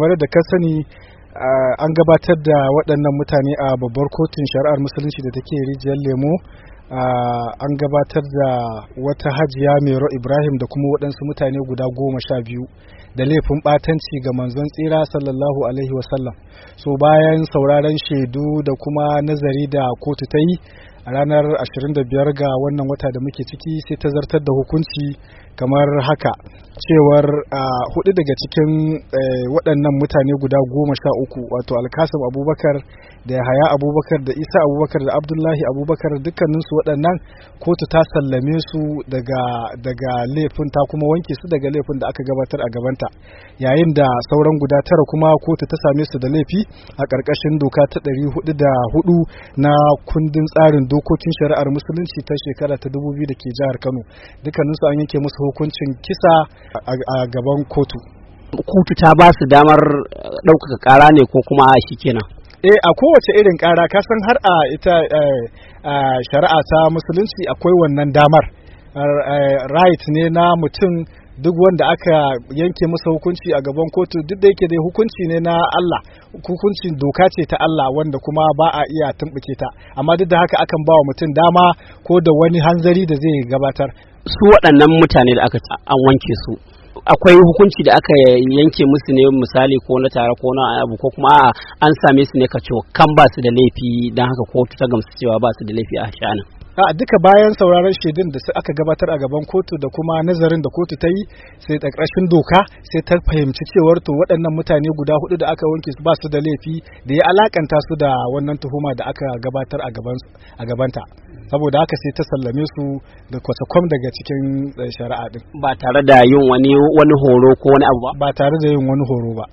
kamar da ka sani an gabatar da waɗannan mutane a babbar kotun shari'ar musulunci da take rijiyar lemo an gabatar da wata hajiya mero ibrahim da kuma waɗansu mutane guda goma sha biyu da laifin ɓatanci ga manzon tsira sallallahu alaihi wasallam so bayan sauraren shaidu da kuma nazari da kotu ta yi a ranar 25 ga wannan wata da muke ciki sai ta zartar da hukunci kamar haka cewar hudu daga cikin eh, waɗannan mutane guda goma sha uku wato alkasim abubakar da yahaya abubakar da isa abubakar da abdullahi abubakar dukkaninsu waɗannan kotu ta sallame su daga laifin ta kuma wanke su daga laifin da aka gabatar a gabanta yayin da sauran guda tara kuma kotu ta same su da laifi a ƙarƙashin doka ta ɗari hudu da hudu na kundin tsarin dokokin shari'ar musulunci ta shekara ta dubu biyu da ke jihar kano dukkaninsu an yanke musu hukuncin kisa a gaban kotu kotu ta ba su damar eh, ɗaukaka ƙara ne ko kuma a shi kenan eh a kowace irin ƙara ka san har a ita eh, shari'a ta musulunci akwai wannan damar eh, right ne na mutum duk wanda aka yanke masa hukunci a gaban kotu duk da yake dai hukunci ne na Allah hukuncin doka ce ta Allah wanda kuma ba a iya tumbuke ta amma duk da haka akan ba wa mutum dama ko da wani hanzari da zai gabatar su waɗannan mutane da aka an wanke su akwai hukunci da aka yanke musu ne misali ko na tare ko na abu ko kuma an same su ne ce kan ba su da laifi don haka kotu ta gamsu cewa ba su da laifi a shanin a duka bayan sauraron shaidun da aka gabatar a gaban kotu da kuma nazarin da kotu ta yi sai da doka sai ta fahimci cewar to waɗannan mutane guda hudu da aka wanke ba su da laifi da ya alakanta su da wannan tuhuma da aka gabatar a gabanta saboda haka sai ta sallame su da kwasakwam daga cikin eh, shari'a din ba tare da yin wani horo ko wani abu ba ba tare da yin wani horo ba